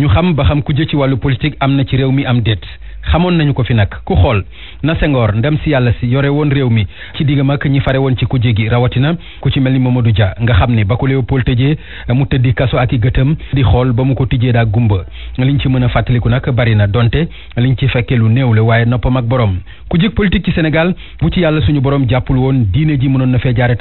ñu xam ba xam ku jë ci wàllu politique am na ci réew mi am déet xamoon nañu ko fi nag ku xool na Senghor ndem si yàlla si yore woon réew mi ci diggam ak ñi fare woon ci ku kujje gi rawatina ku ci mel ni du Dia nga xam ne ba ko Léopold tëjee mu tëddi kaso ak i gëtam di xool ba mu ko tijjee daa gumba liñ ci mën a fàttaliku nag bari na donte liñ ci fekkee lu néew la waaye noppam ak borom ku jëg politique ci Sénégal bu ci yàlla suñu borom jàppul woon diine ji mënoon na fee jaare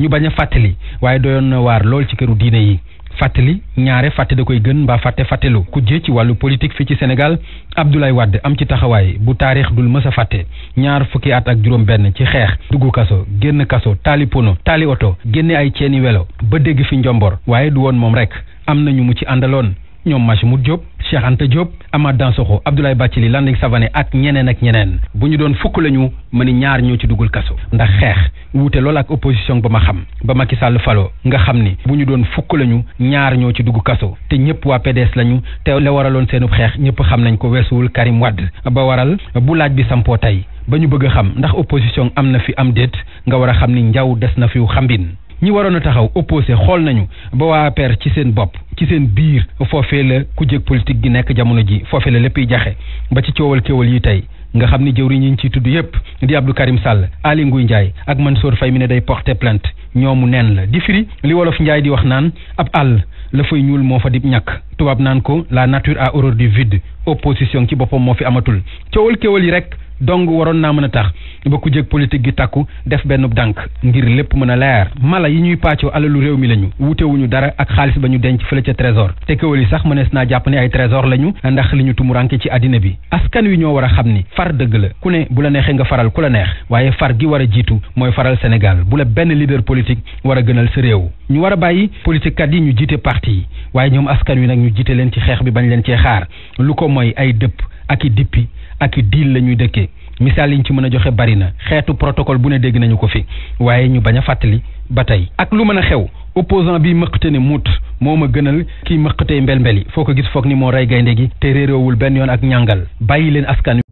ñu bañ fàttali waaye doyoon na waar lool ci këru diine yi fàttali ñaare fàtte da koy gën mbaa fàtte fàttelu kujje ci wàllu politique fi ci Sénégal Abdoulaye Wade am ci taxawaay bu taarix dul mës a fàtte ñaar fukki at ak juróom benn ci xeex dugg kaso génn kaso taali pono taali oto génne ay ceeni welo ba dégg fi njombor waaye du woon moom rek am nañu mu ci àndaloon ñoom Machmoud Diop Cheikh Anta Diop Amath Dansokho Abdoulaye Bathily Landing Savané ak ñeneen ak ñeneen bu ñu doon fukk la ma ni ñaar ñoo ci dugal kaso ndax xeex wuute lool ak opposition ba ma xam ba Macky Sall falo nga xam ni bu ñu doon fukk la ñu ñaar ñoo ci dugg kaso te ñëpp waa PDS la ñu te la waraloon seenub xeex ñëpp xam nañ ko weesuwul Karim Wade ba waral bu laaj bi sampoo tey ba ñu bëgg xam ndax opposition am na fi am déet nga war a xam ni njaw des na fi xambin ñi waroon a taxaw opposé xool nañu ba waa APR ci seen bopp ci seen biir foofee la ku jég politique gi nekk jamono ji foofe la lépp yi jaxe ba ci coowal kéwal yi tey nga xam ni jëwriñ ñi ci tudd yépp di Abdou Karim Sall Aly Ngouille Ndiaye ak Mansour Faye mi ne day porter plainte ñoomu neen la di firi li wolof Ndiaye di wax naan ab àll la fay ñuul moo fa di ñakk tubaab naan ko la nature a horreur du vide opposition ci boppam moo fi amatul coowal kéwal yi rek donc waroon naa mën a tax ba ku jég politique gi takku def benn dànk ngir lépp mën a leer mala yi ñuy pàccoo alalu réew mi lañu wutewuñu dara ak xaalis ba ñu den fële ca trésor te kéwal yi sax mënees naa jàpp ne ay trésor lañu ndax li ñu tumurànke bi far dëgg la ku ne bu la neexee nga faral ku la neex waaye far gi war a jiitu mooy faral Sénégal bu la benn leader politique war gënal sa réew ñu war a bàyyi politique kat yi ñu jiite parti yi waaye ñoom askan wi nag ñu jiite leen ci xeex bi bañ leen cee xaar lu ko mooy ay dëpp ak i dippi ak i diil la ñuy dëkkee misaal yi ñu ci mën a joxe bari na xeetu protocole bu ne dégg nañu ko fi waaye ñu bañ a fàttali ba tey ak lu mën a xew opposant bi mëqate ne muut moo ma gënal kii mëqatee mbel mbel yi foo ko gis foog ni moo rey gaynde gi te réeréewul benn yoon ak ñàngal